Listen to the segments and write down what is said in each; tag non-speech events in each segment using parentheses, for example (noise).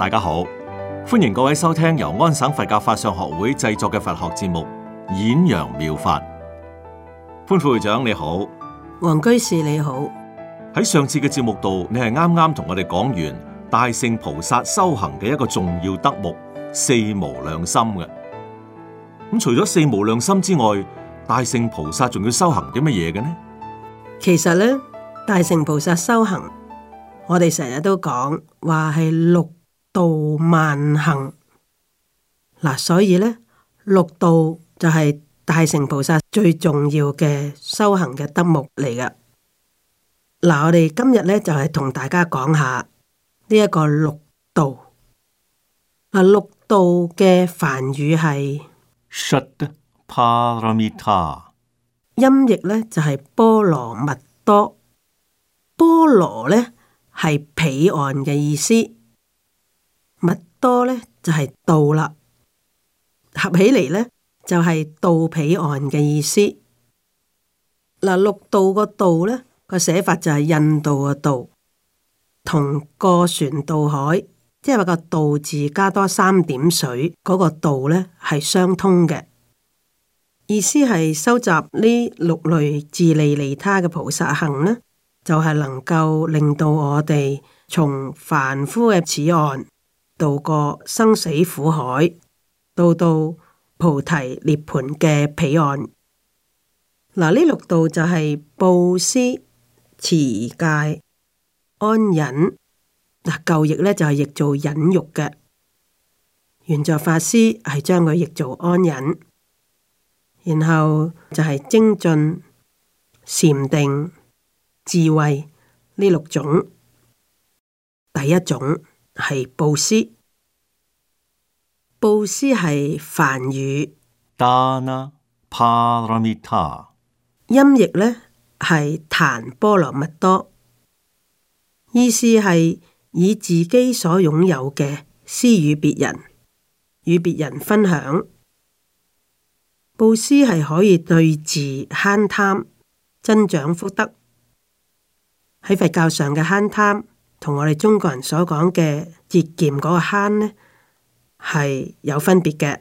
大家好，歡迎各位收聽由安省佛教法相學會製作嘅佛學節目《演揚妙，妙法》。潘副會長你好，黃居士你好。喺上次嘅節目度，你係啱啱同我哋講完大乘菩薩修行嘅一個重要德目——四無量心嘅。咁除咗四無量心之外，大乘菩薩仲要修行啲乜嘢嘅呢？其實呢，大乘菩薩修行，我哋成日都講話係六。度萬行嗱、啊，所以呢，六度就係大乘菩薩最重要嘅修行嘅德目嚟㗎。嗱、啊，我哋今日呢，就係、是、同大家講下呢一個六度嗱、啊，六度嘅梵語係 shat paramita，音譯呢就係波羅蜜多。波羅呢係彼岸嘅意思。多呢就係、是、度啦，合起嚟呢，就係、是、度彼岸嘅意思。嗱，六度個度呢，個寫法就係印度個度，同過船渡海，即係話個度字加多三點水嗰、那個渡呢係相通嘅意思，係收集呢六類自利利他嘅菩薩行呢，就係、是、能夠令到我哋從凡夫嘅此岸，渡過生死苦海，到到菩提涅槃嘅彼岸。嗱，呢六度就係布施、持戒、安忍。嗱，舊譯咧就係譯做忍辱嘅。圓覺法師係將佢譯做安忍，然後就係精進、禪定、智慧呢六種。第一種。係布施，布施係梵語 dana paramita，音譯呢係檀波羅蜜多，意思係以自己所擁有嘅施與別人，與別人分享。布施係可以對治慳貪，增長福德。喺佛教上嘅慳貪。同我哋中國人所講嘅節儉嗰個慳咧係有分別嘅。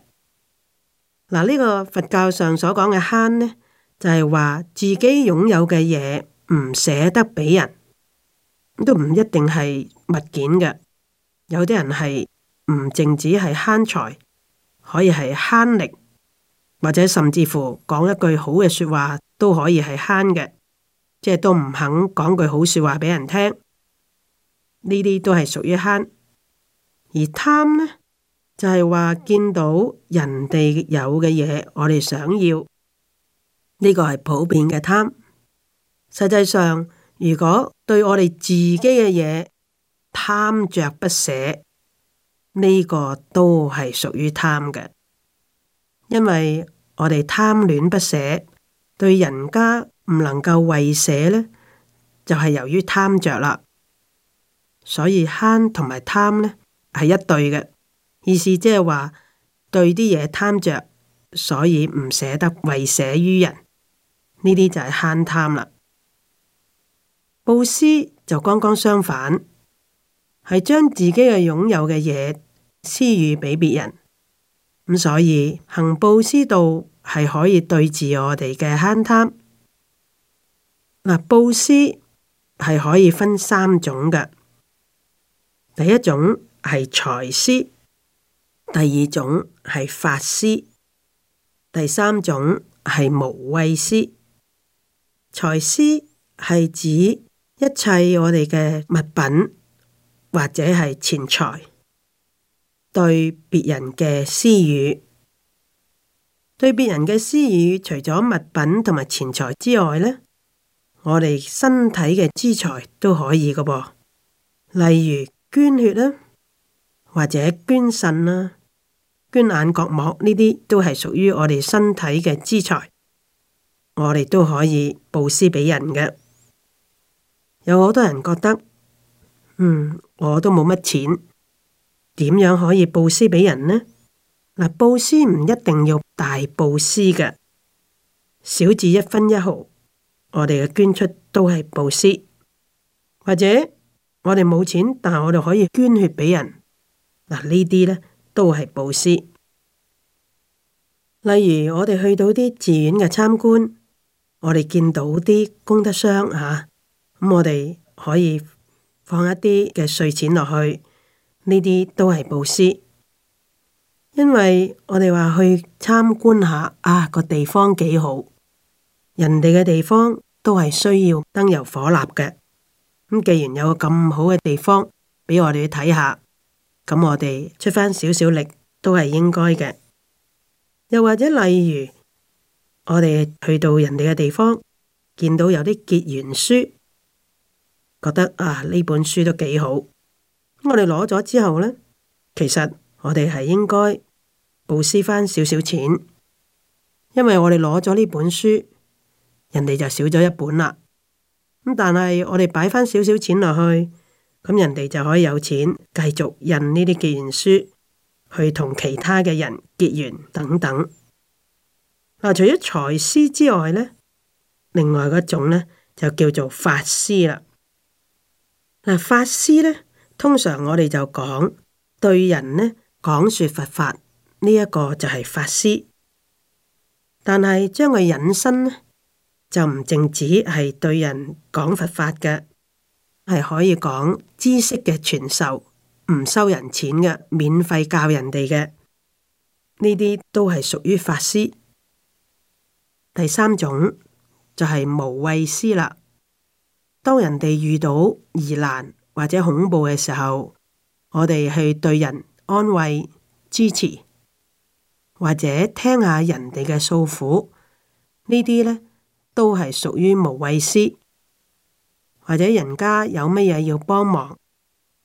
嗱，呢個佛教上所講嘅慳呢，就係話自己擁有嘅嘢唔捨得俾人，都唔一定係物件嘅。有啲人係唔淨止係慳財，可以係慳力，或者甚至乎講一句好嘅説話都可以係慳嘅，即係都唔肯講句好説話俾人聽。呢啲都係屬於慳，而貪呢就係話見到人哋有嘅嘢，我哋想要，呢個係普遍嘅貪。實際上，如果對我哋自己嘅嘢貪着不捨，呢個都係屬於貪嘅，因為我哋貪戀不捨，對人家唔能夠為捨呢，就係由於貪着啦。所以慳同埋貪呢係一對嘅，意思即係話對啲嘢貪着，所以唔捨得為捨於人呢啲就係慳貪啦。布施就剛剛相反，係將自己嘅擁有嘅嘢施予畀別人咁，所以行布施道係可以對治我哋嘅慳貪嗱。布施係可以分三種嘅。第一種係財施，第二種係法施，第三種係無畏施。財施係指一切我哋嘅物品或者係錢財，對別人嘅施予，對別人嘅施予，除咗物品同埋錢財之外咧，我哋身體嘅資材都可以㗎噃，例如。捐血啦，或者捐腎啦，捐眼角膜呢啲都係屬於我哋身體嘅資財。我哋都可以布施俾人嘅。有好多人覺得，嗯，我都冇乜錢，點樣可以布施俾人呢？嗱，布施唔一定要大布施嘅，小至一分一毫，我哋嘅捐出都係布施，或者。我哋冇錢，但係我哋可以捐血畀人，嗱、啊、呢啲咧都係布施。例如我哋去到啲寺院嘅參觀，我哋見到啲功德箱吓，咁、啊嗯、我哋可以放一啲嘅稅錢落去，呢啲都係布施。因為我哋話去參觀下啊，個地方幾好，人哋嘅地方都係需要燈油火蠟嘅。咁既然有咁好嘅地方畀我哋去睇下，咁我哋出翻少少力都係應該嘅。又或者例如我哋去到人哋嘅地方，見到有啲結緣書，覺得啊呢本書都幾好，我哋攞咗之後咧，其實我哋係應該布施翻少少錢，因為我哋攞咗呢本書，人哋就少咗一本啦。咁但係我哋擺翻少少錢落去，咁人哋就可以有錢繼續印呢啲結緣書，去同其他嘅人結緣等等。嗱、呃，除咗財師之外呢，另外嗰種呢，就叫做法師啦。嗱、呃，法師呢，通常我哋就講對人呢講說佛法呢一、這個就係法師，但係將佢引申呢。咧。就唔淨止係對人講佛法嘅，係可以講知識嘅傳授，唔收人錢嘅，免費教人哋嘅，呢啲都係屬於法師。第三種就係無畏師啦。當人哋遇到疑難或者恐怖嘅時候，我哋去對人安慰支持，或者聽下人哋嘅訴苦，呢啲咧。都係屬於無畏施，或者人家有乜嘢要幫忙，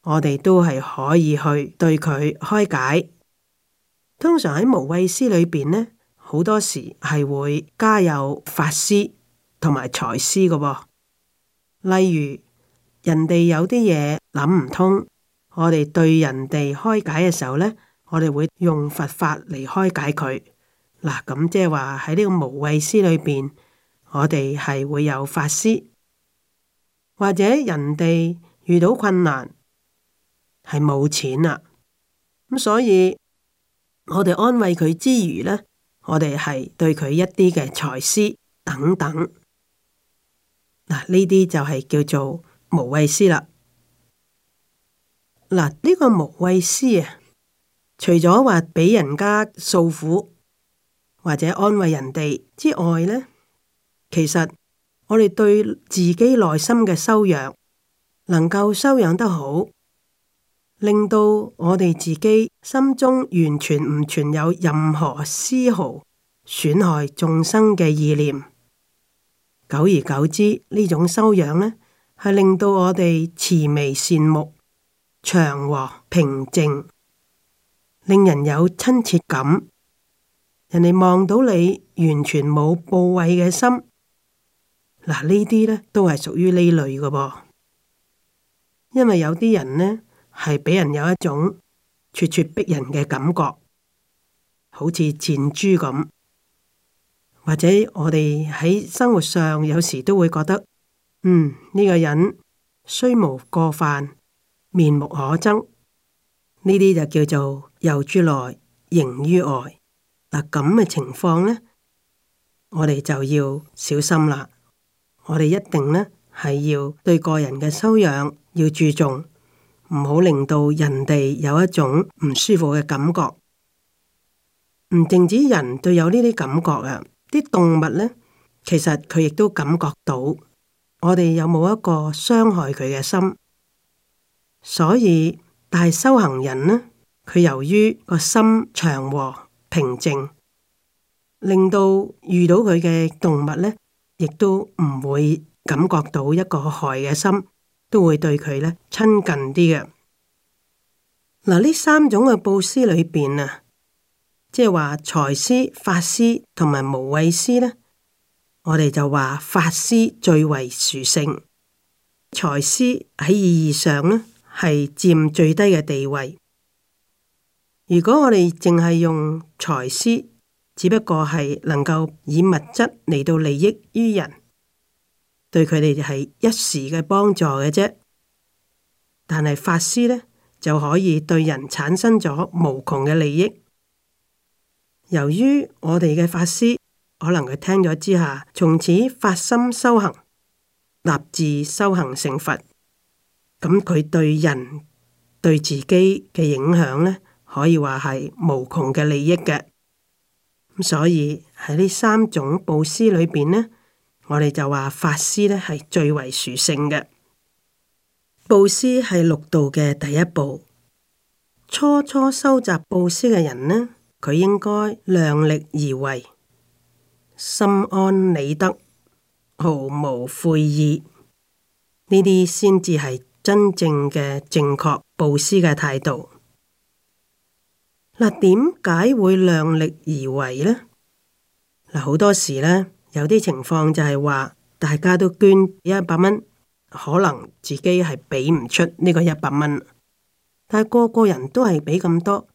我哋都係可以去對佢開解。通常喺無畏施裏邊呢，好多時係會加有法施同埋財施㗎喎。例如人哋有啲嘢諗唔通，我哋對人哋開解嘅時候呢，我哋會用佛法嚟開解佢嗱。咁即係話喺呢個無畏施裏邊。我哋係會有法施，或者人哋遇到困難係冇錢啦，咁所以我哋安慰佢之餘呢，我哋係對佢一啲嘅財施等等，嗱，呢啲就係叫做無畏施啦。嗱、這、呢個無畏施啊，除咗話畀人家訴苦或者安慰人哋之外呢。其實我哋對自己內心嘅修養，能夠修養得好，令到我哋自己心中完全唔存有任何絲毫損害眾生嘅意念。久而久之，呢種修養呢，係令到我哋慈眉善目、祥和平靜，令人有親切感。人哋望到你，完全冇報位嘅心。嗱，呢啲咧都係屬於呢類嘅噃，因為有啲人呢係畀人有一種咄咄逼人嘅感覺，好似箭豬咁，或者我哋喺生活上有時都會覺得，呢、嗯呢個人雖無過犯，面目可憎，呢啲就叫做有諸內，形於外。嗱，咁嘅情況咧，我哋就要小心啦。我哋一定呢係要對個人嘅修養要注重，唔好令到人哋有一種唔舒服嘅感覺。唔淨止人對有呢啲感覺啊，啲動物呢其實佢亦都感覺到我哋有冇一個傷害佢嘅心。所以，但係修行人呢，佢由於個心祥和平靜，令到遇到佢嘅動物呢。亦都唔會感覺到一個害嘅心，都會對佢呢親近啲嘅。嗱，呢三種嘅布施裏邊啊，即係話財施、法施同埋無畏施呢，我哋就話法施最為殊勝，財施喺意義上呢，係佔最低嘅地位。如果我哋淨係用財施，只不過係能夠以物質嚟到利益於人，對佢哋係一時嘅幫助嘅啫。但係法師呢，就可以對人產生咗無窮嘅利益。由於我哋嘅法師，可能佢聽咗之下，從此發心修行，立志修行成佛，咁佢對人對自己嘅影響呢，可以話係無窮嘅利益嘅。咁所以喺呢三種布施裏邊呢，我哋就話法施咧係最為殊勝嘅。布施係六度嘅第一步。初初收集布施嘅人呢，佢應該量力而為，心安理得，毫無悔意，呢啲先至係真正嘅正確布施嘅態度。嗱，點解會量力而為呢？嗱，好多時呢，有啲情況就係話，大家都捐一百蚊，可能自己係俾唔出呢個一百蚊，但係個個人都係俾咁多，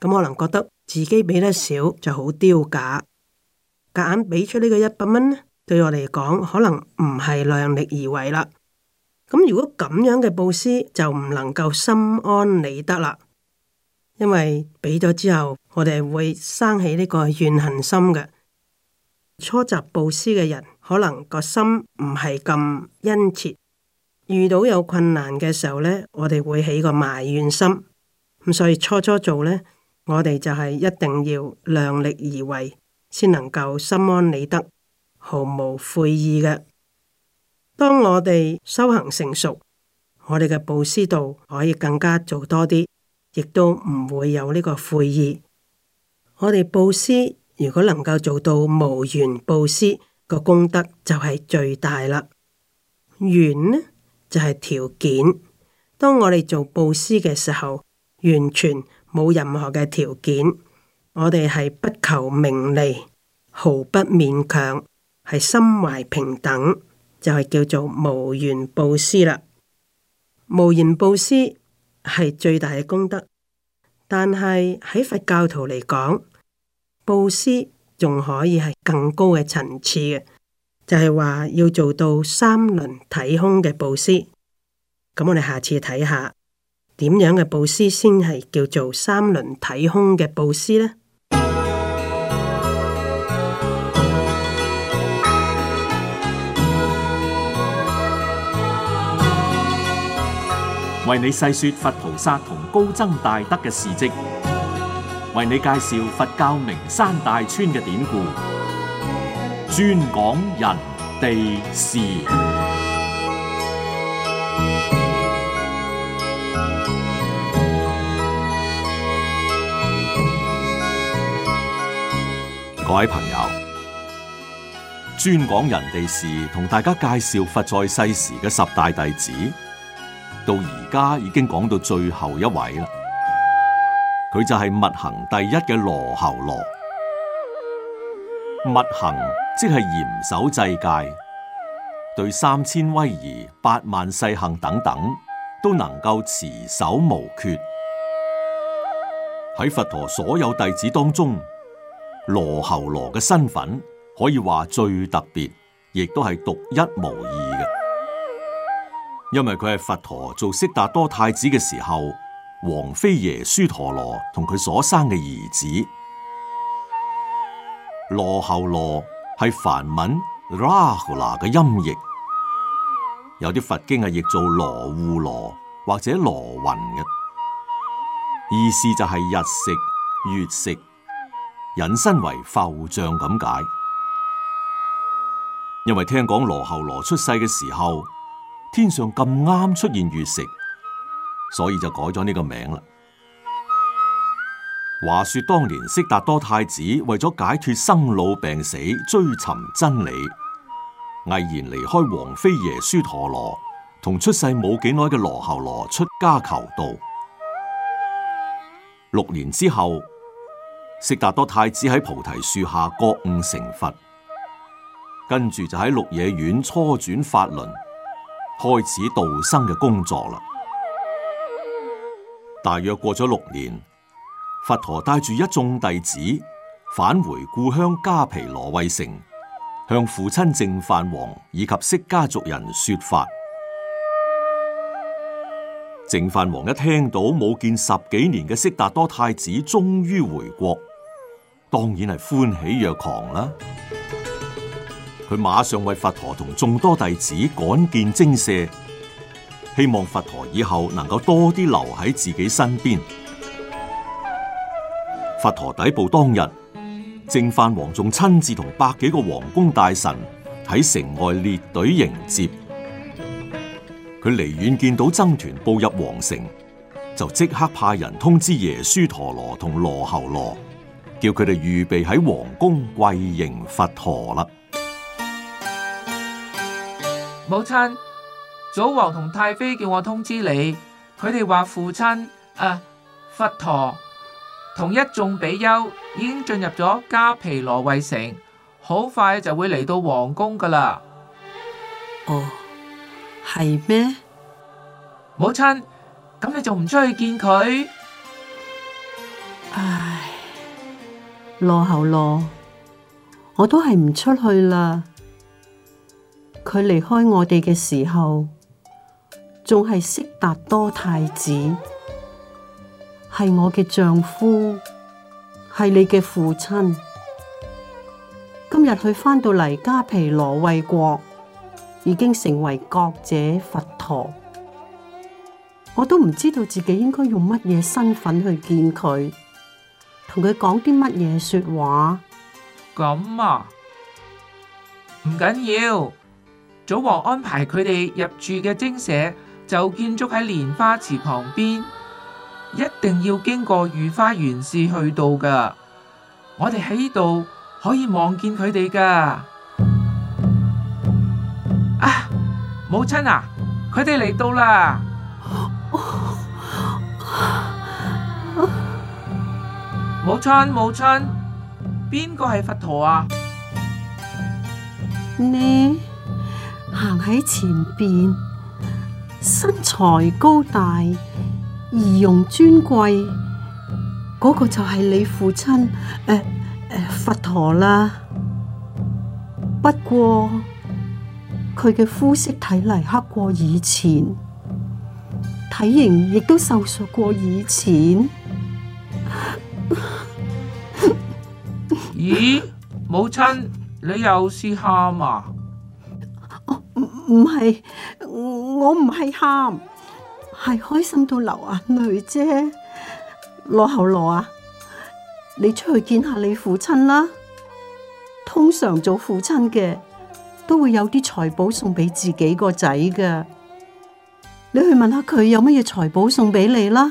咁可能覺得自己俾得少就好丟架，夾硬俾出呢個一百蚊呢，對我嚟講可能唔係量力而為啦。咁如果咁樣嘅布施就唔能夠心安理得啦。因為畀咗之後，我哋會生起呢個怨恨心嘅。初習布施嘅人，可能個心唔係咁殷切，遇到有困難嘅時候呢，我哋會起個埋怨心。咁所以初初做呢，我哋就係一定要量力而為，先能夠心安理得，毫無悔意嘅。當我哋修行成熟，我哋嘅布施度可以更加做多啲。亦都唔會有呢個悔意。我哋布施如果能夠做到無緣布施，個功德就係最大啦。緣呢就係條件。當我哋做布施嘅時候，完全冇任何嘅條件，我哋係不求名利，毫不勉強，係心懷平等，就係叫做無緣布施啦。無緣布施。係最大嘅功德，但係喺佛教徒嚟講，布施仲可以係更高嘅層次嘅，就係話要做到三輪體空嘅布施。咁我哋下次睇下點樣嘅布施先係叫做三輪體空嘅布施呢？為你細說佛菩薩同高僧大德嘅事蹟，為你介紹佛教名山大川嘅典故，專講人哋事。各位朋友，專講人哋事，同大家介紹佛在世時嘅十大弟子。到而家已經講到最後一位啦，佢就係密行第一嘅羅睺羅。密行即係嚴守制戒，對三千威儀、八萬細行等等都能夠持守無缺。喺佛陀所有弟子當中，羅睺羅嘅身份可以話最特別，亦都係獨一無二。因為佢係佛陀做悉達多太子嘅時候，王妃耶輸陀羅同佢所生嘅兒子羅睺羅係梵文拉胡羅嘅音譯，有啲佛經係譯做羅護羅或者羅云嘅，意思就係日食月食，引申為浮像咁解。因為聽講羅睺羅出世嘅時候。天上咁啱出現月食，所以就改咗呢個名啦。話說當年悉達多太子為咗解脱生老病死，追尋真理，毅然離開王妃耶輸陀羅，同出世冇幾耐嘅羅睺羅出家求道。六年之後，悉達多太子喺菩提樹下覺悟成佛，跟住就喺鹿野苑初轉法輪。開始度生嘅工作啦！大約過咗六年，佛陀帶住一眾弟子返回故鄉加皮羅衛城，向父親淨飯王以及釋迦族人說法。淨飯王一聽到冇見十幾年嘅悉達多太子終於回國，當然係歡喜若狂啦！佢馬上為佛陀同眾多弟子趕建精舍，希望佛陀以後能夠多啲留喺自己身邊。佛陀抵步當日，淨飯王仲親自同百幾個皇宮大臣喺城外列隊迎接。佢離遠見到僧團步入皇城，就即刻派人通知耶輸陀羅同羅睺羅，叫佢哋預備喺皇宮跪迎佛陀啦。母親，祖皇同太妃叫我通知你，佢哋話父親，誒、啊，佛陀同一眾比丘已經進入咗加皮羅衛城，好快就會嚟到皇宮噶啦。哦，係咩？母親，咁你仲唔出去見佢？唉，羅睺羅，我都係唔出去啦。佢離開我哋嘅時候，仲係悉達多太子，係我嘅丈夫，係你嘅父親。今日佢翻到嚟迦毗羅衛國，已經成為覺者佛陀，我都唔知道自己應該用乜嘢身份去見佢，同佢講啲乜嘢說話。咁啊，唔緊要。祖王安排佢哋入住嘅精舍就建築喺蓮花池旁邊，一定要經過御花園先去到噶。我哋喺度可以望見佢哋噶。啊，母親啊，佢哋嚟到啦！母親，母親，邊個係佛陀啊？你？行喺前邊，身材高大，儀容尊貴，嗰、那個就係你父親，誒、呃、誒、呃，佛陀啦。不過佢嘅膚色睇嚟黑過以前，體型亦都瘦削過以前。 (laughs) 咦，母親，你又試喊啊？唔係，我唔係喊，係開心到流眼淚啫。羅睺羅啊，你出去見下你父親啦。通常做父親嘅都會有啲財寶送俾自己個仔嘅，你去問下佢有乜嘢財寶送俾你啦。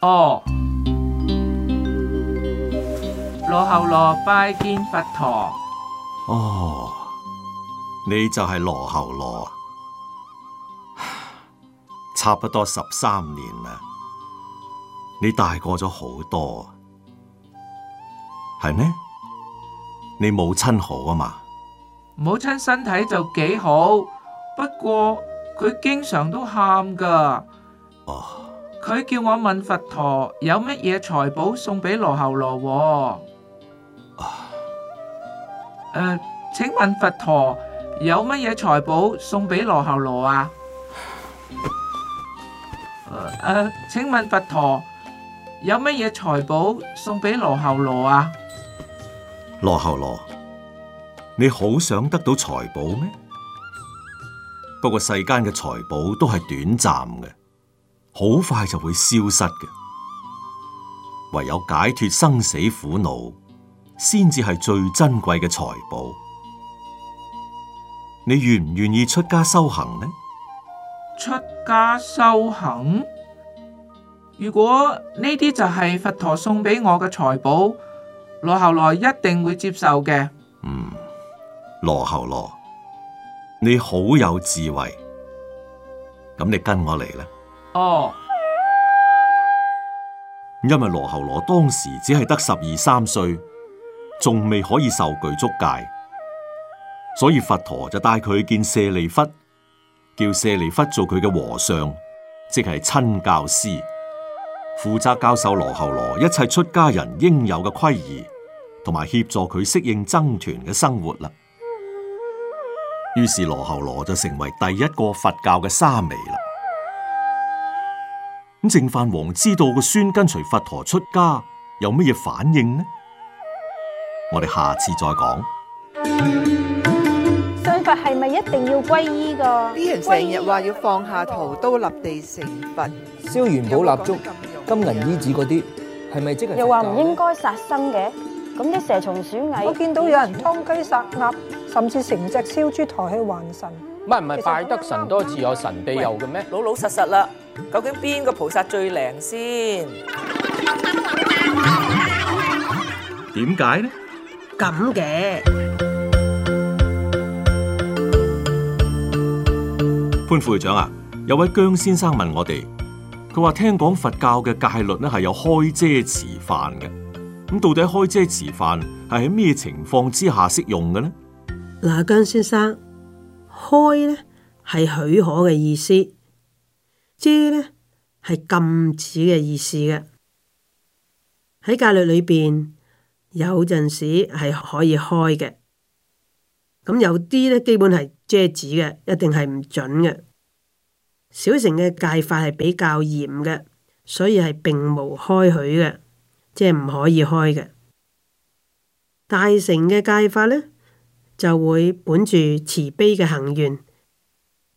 哦，羅睺羅拜見佛陀。哦。你就係羅睺羅，差不多十三年啦，你大過咗好多，係咩？你母親好啊嘛？母親身體就幾好，不過佢經常都喊噶。哦，佢叫我問佛陀有乜嘢財寶送俾羅睺羅。誒唉、呃，請問佛陀？有乜嘢財寶送俾羅睺羅啊？誒，uh, uh，請問佛陀有乜嘢財寶送俾羅睺羅啊？羅睺羅，你好想得到財寶咩？不過世間嘅財寶都係短暫嘅，好快就會消失嘅。唯有解脫生死苦惱，先至係最珍貴嘅財寶。你願唔願意出家修行呢？出家修行，如果呢啲就係佛陀送俾我嘅財寶，羅睺羅一定會接受嘅。嗯，羅睺羅，你好有智慧，咁你跟我嚟啦。哦，因為羅睺羅當時只係得十二三歲，仲未可以受具足戒。所以佛陀就帶佢去見舍利弗，叫舍利弗做佢嘅和尚，即係親教師，負責教授羅睺羅一切出家人應有嘅規儀，同埋協助佢適應僧團嘅生活啦。於是羅睺羅就成為第一個佛教嘅沙彌啦。咁淨飯王知道個孫跟隨佛陀出家有乜嘢反應呢？我哋下次再講。係咪一定要皈依噶？啲人成日話要放下屠刀立地成佛，燒元寶蠟燭、金銀衣紙嗰啲，係咪即係？又話唔應該殺生嘅，咁啲蛇蟲鼠蟻，我見到有人劏雞殺鴨，甚至成隻燒豬抬去還神。唔係唔係，拜得神多自有神庇佑嘅咩？老老實實啦，究竟邊個菩薩最靈先？點解呢？咁嘅。潘副會長啊，有位姜先生問我哋，佢話聽講佛教嘅戒律咧係有開遮持犯嘅，咁到底開遮持犯係喺咩情況之下適用嘅呢？嗱，姜先生，開咧係許可嘅意思，遮咧係禁止嘅意思嘅。喺戒律裏邊，有陣時係可以開嘅，咁有啲咧基本係。即遮止嘅一定係唔准嘅。小乘嘅戒法係比較嚴嘅，所以係並無開許嘅，即係唔可以開嘅。大乘嘅戒法呢，就會本著慈悲嘅行願，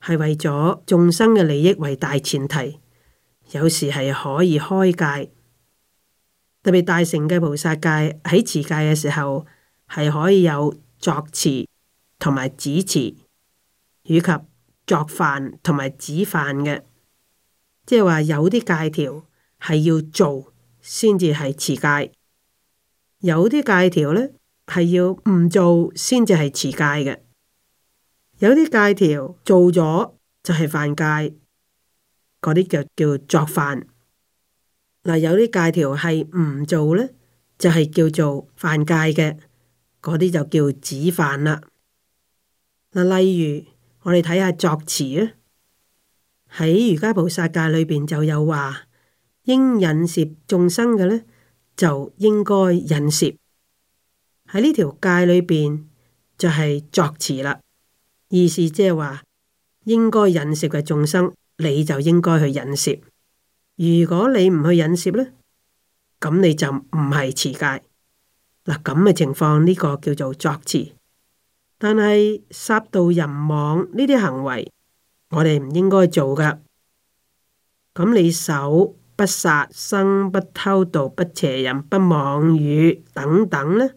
係為咗眾生嘅利益為大前提，有時係可以開戒。特別大乘嘅菩薩戒喺持戒嘅時候係可以有作持同埋止持，以及作犯同埋止犯嘅，即係話有啲戒條係要做先至係持戒，有啲戒條咧係要唔做先至係持戒嘅。有啲戒條做咗就係犯戒，嗰啲叫叫作犯。嗱，有啲戒條係唔做咧，就係、是、叫做犯戒嘅，嗰啲就叫止犯啦。嗱，例如。我哋睇下作持咧，喺瑜伽菩薩戒裏邊就有話，應引攝眾生嘅咧，就應該引攝，喺呢條戒裏邊就係作持啦。意思即係話，應該引攝嘅眾生，你就應該去引攝。如果你唔去引攝咧，咁你就唔係持戒。嗱，咁嘅情況，呢個叫做作持。但係殺盜淫妄呢啲行為，我哋唔應該做噶。咁你守不殺生、不，生不偷盜、不邪淫、不妄語等等呢？呢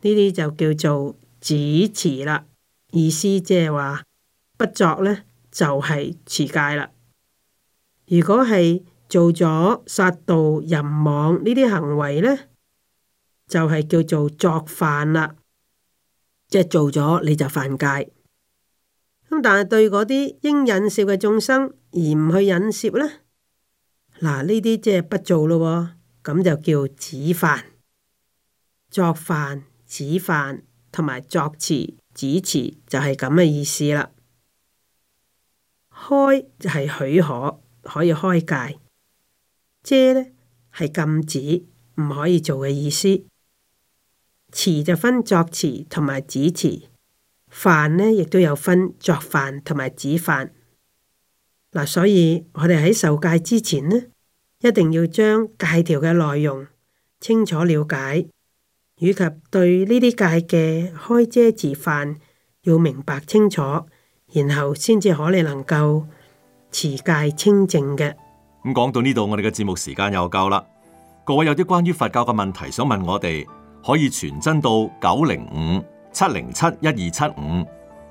啲就叫做止持啦。意思即係話不作呢，就係、是、持戒啦。如果係做咗殺盜淫妄呢啲行為呢，就係、是、叫做作犯啦。即係做咗你就犯戒，咁但係對嗰啲應忍涉嘅眾生而唔去忍涉呢？嗱呢啲即係不做咯，咁就叫止犯、作犯、止犯同埋作持、止持就係咁嘅意思啦。開就係許可可以開戒，遮呢係禁止唔可以做嘅意思。持就分作持同埋止持，犯呢亦都有分作犯同埋止犯。嗱，所以我哋喺受戒之前呢，一定要將戒條嘅內容清楚了解，以及對呢啲戒嘅開遮持犯要明白清楚，然後先至可能能夠持戒清淨嘅。咁講到呢度，我哋嘅節目時間又夠啦。各位有啲關於佛教嘅問題想問我哋？可以傳真到九零五七零七一二七五，75,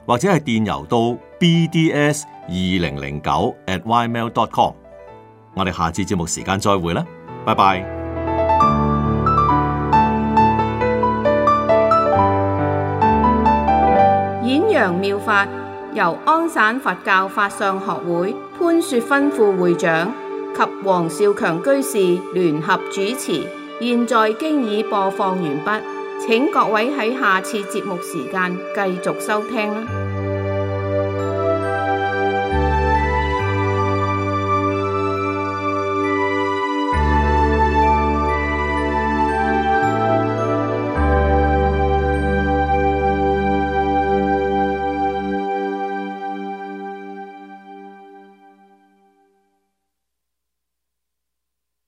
或者係電郵到 bds 二零零九 at ymail.com。我哋下次節目時間再會啦，拜拜。演揚妙法由安省佛教法相學會潘雪芬副會長及黃少強居士聯合主持。現在經已播放完畢，請各位喺下次節目時間繼續收聽。